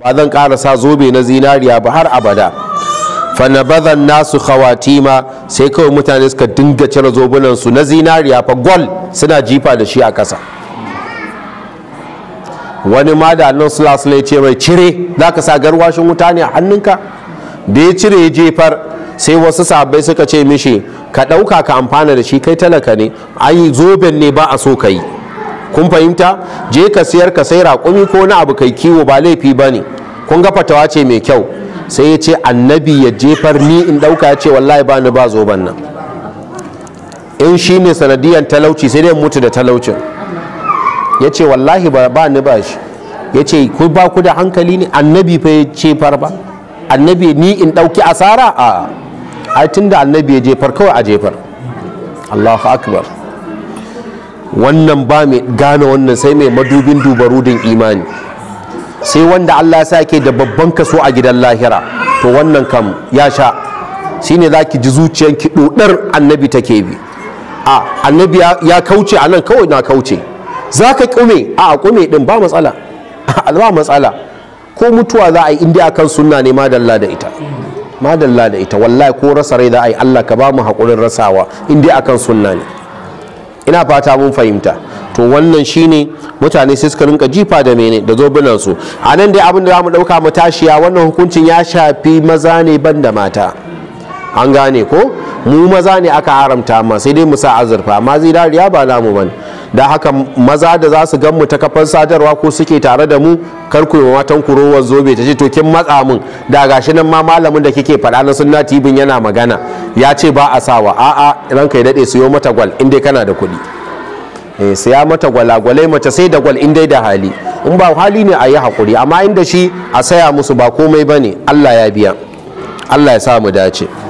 ba zan sa zobe na zinariya ba har abada fanabazan nasu khawatima sai kawai mutane suka dinga cire zobunansu na zinariya fa gol suna jifa da shi a kasa wani ma da annan sulasula ya ce mai cire za ka sa garwashin wuta ne a hannunka da ya cire jefar sai wasu sabai suka ce mishi ka ɗauka ka amfana da shi kai talaka ne ai zoben ne ba a so ka yi kun fahimta je ka siyar ka sai raƙumi ko na abu kai kiwo ba laifi ba ne kun ga fatawa ce mai kyau sai ya ce annabi ya jefar ni in ɗauka ya ce wallahi ba ni ba zoben nan in shi ne sanadiyan talauci sai dai mutu da talaucin ya ce wallahi ba ni ba shi ya ce ku ba ku da hankali ne annabi fa ya jefar ba annabi ni in ɗauki asara a ai da annabi ya jefar kawai a jefar allahu akbar wannan ba mai gane wannan sai mai madubin dubarudin imani sai wanda Allah sa ke da babban kaso a gidan lahira to wannan kam ya sha shine za ki ji zuciyanki ɗoɗar annabi take bi a annabi ya kauce a nan kawai na kauce za ka ƙume a a ƙume ɗin ba matsala ba matsala ko mutuwa za a yi indiya kan sunna ne madalla da ita madalla da ita wallahi ko rasa rai za a yi allah ka ba mu haƙurin rasawa indiya akan sunna ne ina fata mun fahimta to wannan shine mutane sai suka rinka jifa da mene da zobunan su a nan dai abin da zamu dauka mu tashiya wannan hukuncin ya shafi maza ne ban da mata an gane ko mu maza ne aka haramta amma sai dai mu sa azurfa amma zai dariya ba namu bane da haka maza da za su gan mu ta kafar sadarwa ko suke tare da mu kar ku yi matan ku rowar zobe ta ce to kin matsa mun da gashi nan ma malamin da kike faɗa na sunna tibin yana magana ya ce ba a sawa a'a ranka ya daɗe siyo mata gwal in dai kana da kuɗi eh siya mata gwalagwalai mace sai da gwal in dai da hali in ba hali ne a yi haƙuri amma inda shi a saya musu ba komai ba ne allah ya biya allah ya sa mu dace